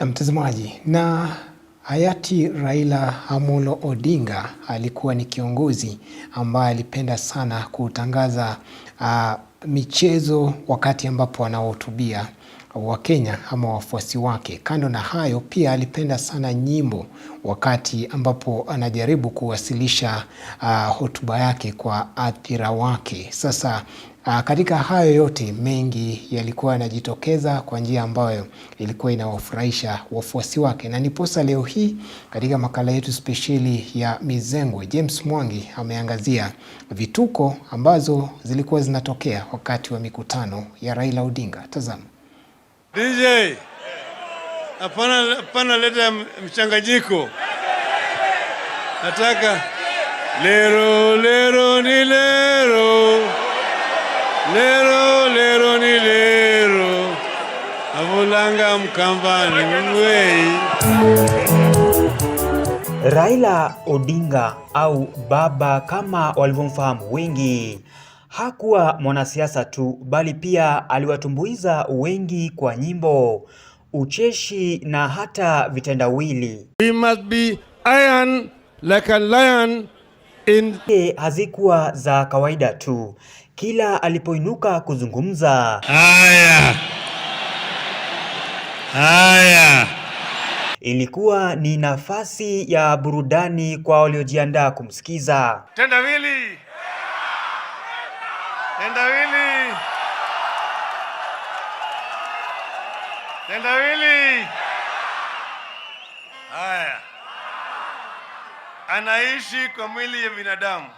Na mtazamaji, na hayati Raila Amolo Odinga alikuwa ni kiongozi ambaye alipenda sana kutangaza uh, michezo wakati ambapo anahutubia Wakenya ama wafuasi wake. Kando na hayo, pia alipenda sana nyimbo wakati ambapo anajaribu kuwasilisha uh, hotuba yake kwa athira wake. Sasa Aa, ah, katika hayo yote mengi yalikuwa yanajitokeza kwa njia ambayo ilikuwa inawafurahisha wafuasi wake, na niposa leo hii katika makala yetu spesheli ya Mizengwe, James Mwangi ameangazia vituko ambazo zilikuwa zinatokea wakati wa mikutano ya Raila Odinga. Tazama. DJ, hapana, hapana, leta mchanganyiko, nataka lero lero ni lero Ulanga mkambani mwei. Raila Odinga au Baba kama walivyomfahamu wengi hakuwa mwanasiasa tu, bali pia aliwatumbuiza wengi kwa nyimbo, ucheshi na hata vitendawili. We must be iron like a lion in... hazikuwa za kawaida tu. Kila alipoinuka kuzungumza haya Haya. Ilikuwa ni nafasi ya burudani kwa waliojiandaa kumsikiza. Tendawili. Tendawili. Tendawili. Haya. Anaishi kwa mwili ya binadamu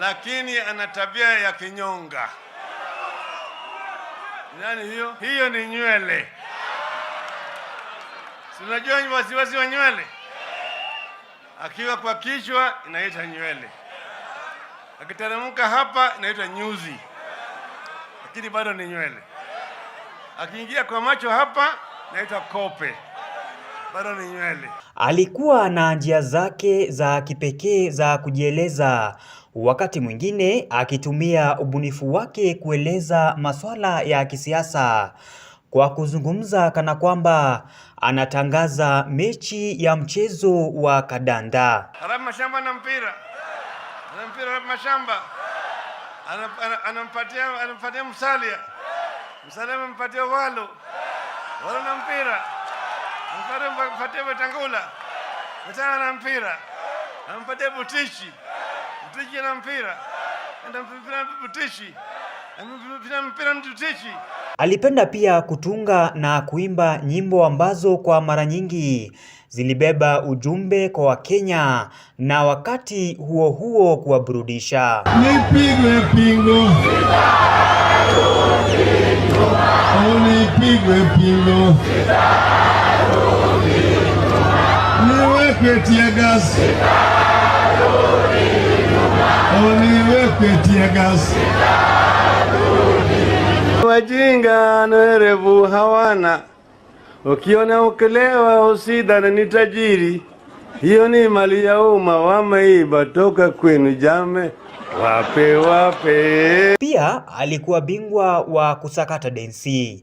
lakini ana tabia ya kinyonga. Nani hiyo? Hiyo ni nywele. Si unajua wasiwasi wa nywele, akiwa kwa kichwa inaitwa nywele, akiteremka hapa inaitwa nyuzi, lakini bado ni nywele. Akiingia kwa macho hapa inaitwa kope, bado ni nywele. Alikuwa na njia zake za kipekee za kujieleza wakati mwingine akitumia ubunifu wake kueleza masuala ya kisiasa kwa kuzungumza kana kwamba anatangaza mechi ya mchezo wa kadanda. Rabi Mashamba ana mpira, na mpira Rabi Mashamba anampatia, anampatia Msalia, Msalia amempatia Walo, Walo na mpira, mpatia Wetangula, Wetangula na mpira, anampatia Butishi mtichi na mpira mpira mtichi mtichi. Alipenda pia kutunga na kuimba nyimbo ambazo kwa mara nyingi zilibeba ujumbe kwa Wakenya na wakati huo huo kuwaburudisha. Nipigwe pingo, oh, nipigwe pingo, niwekwe tia gasi uniwekwe tia Wajinga na hawana, ukiona ukelewa usidhani ni tajiri. Hiyo ni mali ya umma, wameiba toka kwenu jame. Wape wape. Pia alikuwa bingwa wa kusakata densi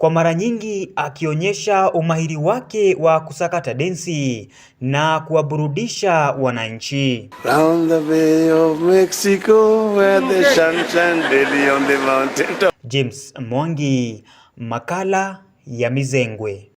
kwa mara nyingi akionyesha umahiri wake wa kusakata densi na kuwaburudisha wananchi. James Mwangi, makala ya Mizengwe.